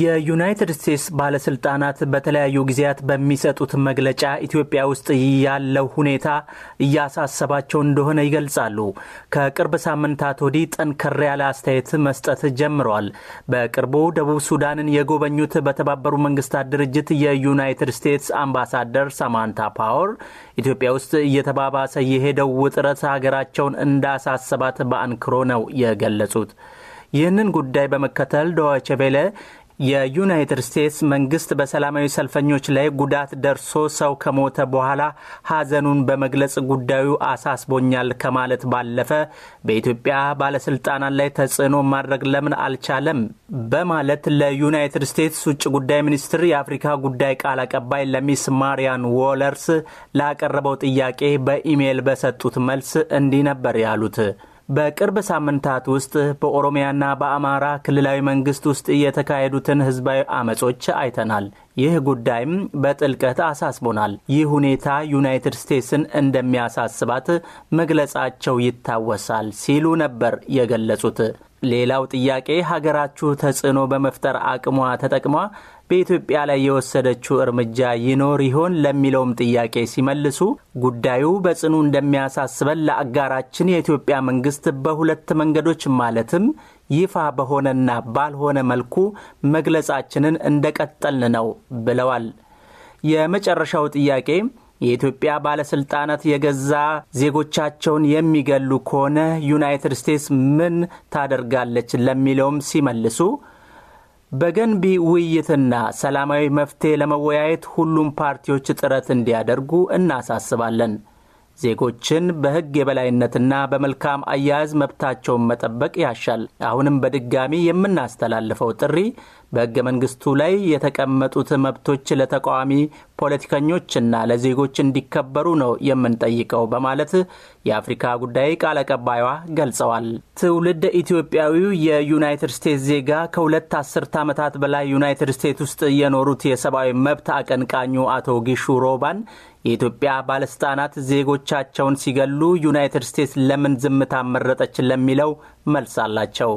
የዩናይትድ ስቴትስ ባለስልጣናት በተለያዩ ጊዜያት በሚሰጡት መግለጫ ኢትዮጵያ ውስጥ ያለው ሁኔታ እያሳሰባቸው እንደሆነ ይገልጻሉ። ከቅርብ ሳምንታት ወዲህ ጠንከር ያለ አስተያየት መስጠት ጀምረዋል። በቅርቡ ደቡብ ሱዳንን የጎበኙት በተባበሩት መንግስታት ድርጅት የዩናይትድ ስቴትስ አምባሳደር ሳማንታ ፓወር ኢትዮጵያ ውስጥ እየተባባሰ የሄደው ውጥረት ሀገራቸውን እንዳሳሰባት በአንክሮ ነው የገለጹት። ይህንን ጉዳይ በመከተል ዶይቼ ቬለ የዩናይትድ ስቴትስ መንግስት በሰላማዊ ሰልፈኞች ላይ ጉዳት ደርሶ ሰው ከሞተ በኋላ ሐዘኑን በመግለጽ ጉዳዩ አሳስቦኛል ከማለት ባለፈ በኢትዮጵያ ባለስልጣናት ላይ ተጽዕኖ ማድረግ ለምን አልቻለም በማለት ለዩናይትድ ስቴትስ ውጭ ጉዳይ ሚኒስትር የአፍሪካ ጉዳይ ቃል አቀባይ ለሚስ ማሪያን ዎለርስ ላቀረበው ጥያቄ በኢሜይል በሰጡት መልስ እንዲህ ነበር ያሉት። በቅርብ ሳምንታት ውስጥ በኦሮሚያና በአማራ ክልላዊ መንግስት ውስጥ የተካሄዱትን ህዝባዊ አመጾች አይተናል። ይህ ጉዳይም በጥልቀት አሳስቦናል። ይህ ሁኔታ ዩናይትድ ስቴትስን እንደሚያሳስባት መግለጻቸው ይታወሳል ሲሉ ነበር የገለጹት። ሌላው ጥያቄ ሀገራችሁ ተጽዕኖ በመፍጠር አቅሟ ተጠቅሟ በኢትዮጵያ ላይ የወሰደችው እርምጃ ይኖር ይሆን ለሚለውም ጥያቄ ሲመልሱ ጉዳዩ በጽኑ እንደሚያሳስበን ለአጋራችን የኢትዮጵያ መንግስት በሁለት መንገዶች ማለትም ይፋ በሆነና ባልሆነ መልኩ መግለጻችንን እንደቀጠልን ነው ብለዋል። የመጨረሻው ጥያቄ የኢትዮጵያ ባለስልጣናት የገዛ ዜጎቻቸውን የሚገሉ ከሆነ ዩናይትድ ስቴትስ ምን ታደርጋለች ለሚለውም ሲመልሱ በገንቢ ውይይትና ሰላማዊ መፍትሄ ለመወያየት ሁሉም ፓርቲዎች ጥረት እንዲያደርጉ እናሳስባለን። ዜጎችን በሕግ የበላይነትና በመልካም አያያዝ መብታቸውን መጠበቅ ያሻል። አሁንም በድጋሚ የምናስተላልፈው ጥሪ በሕገ መንግስቱ ላይ የተቀመጡት መብቶች ለተቃዋሚ ፖለቲከኞችና ለዜጎች እንዲከበሩ ነው የምንጠይቀው በማለት የአፍሪካ ጉዳይ ቃል አቀባይዋ ገልጸዋል። ትውልድ ኢትዮጵያዊው የዩናይትድ ስቴትስ ዜጋ ከሁለት አስርት ዓመታት በላይ ዩናይትድ ስቴትስ ውስጥ የኖሩት የሰብአዊ መብት አቀንቃኙ አቶ ጊሹ ሮባን የኢትዮጵያ ባለስልጣናት ዜጎቻቸውን ሲገሉ ዩናይትድ ስቴትስ ለምን ዝምታ መረጠች ለሚለው መልስ አላቸው።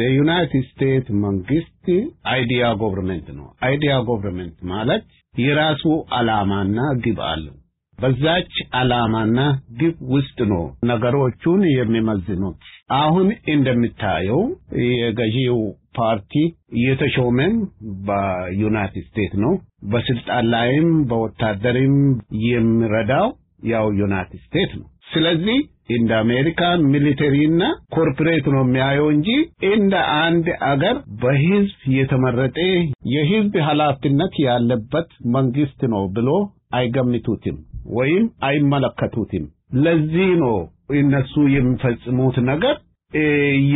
የዩናይትድ ስቴትስ መንግስት አይዲያ ጎቨርንመንት ነው። አይዲያ ጎቨርንመንት ማለት የራሱ አላማና ግብ አለው። በዛች አላማና ግብ ውስጥ ነው ነገሮቹን የሚመዝኑት። አሁን እንደሚታየው የገዢው ፓርቲ እየተሾመም በዩናይትድ ስቴትስ ነው። በስልጣን ላይም በወታደርም የሚረዳው ያው ዩናይትድ ስቴትስ ነው። ስለዚህ እንደ አሜሪካ ሚሊተሪና ኮርፖሬት ነው የሚያየው እንጂ እንደ አንድ አገር በህዝብ የተመረጠ የህዝብ ኃላፊነት ያለበት መንግስት ነው ብሎ አይገምቱትም ወይም አይመለከቱትም። ለዚህ ነው እነሱ የሚፈጽሙት ነገር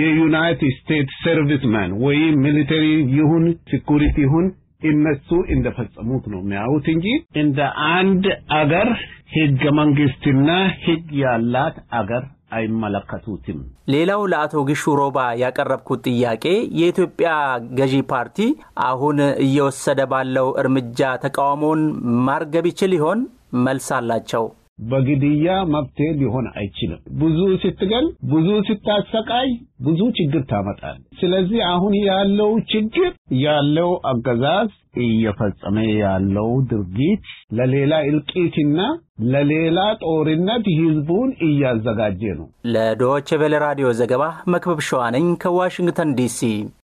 የዩናይትድ ስቴትስ ሰርቪስማን ወይም ሚሊተሪ ይሁን ሴኩሪቲ ይሁን እነሱ እንደፈጸሙት ነው የሚያዩት እንጂ እንደ አንድ አገር ህገ መንግስትና ህግ ያላት አገር አይመለከቱትም። ሌላው ለአቶ ግሹ ሮባ ያቀረብኩት ጥያቄ የኢትዮጵያ ገዢ ፓርቲ አሁን እየወሰደ ባለው እርምጃ ተቃውሞውን ማርገብ ይችል ይሆን? መልስ አላቸው። በግድያ መብቴ ሊሆን አይችልም። ብዙ ስትገል፣ ብዙ ስታሰቃይ፣ ብዙ ችግር ታመጣል። ስለዚህ አሁን ያለው ችግር ያለው አገዛዝ እየፈጸመ ያለው ድርጊት ለሌላ እልቂትና ለሌላ ጦርነት ህዝቡን እያዘጋጀ ነው። ለዶች ቬለ ራዲዮ ዘገባ መክበብ ሸዋነኝ ከዋሽንግተን ዲሲ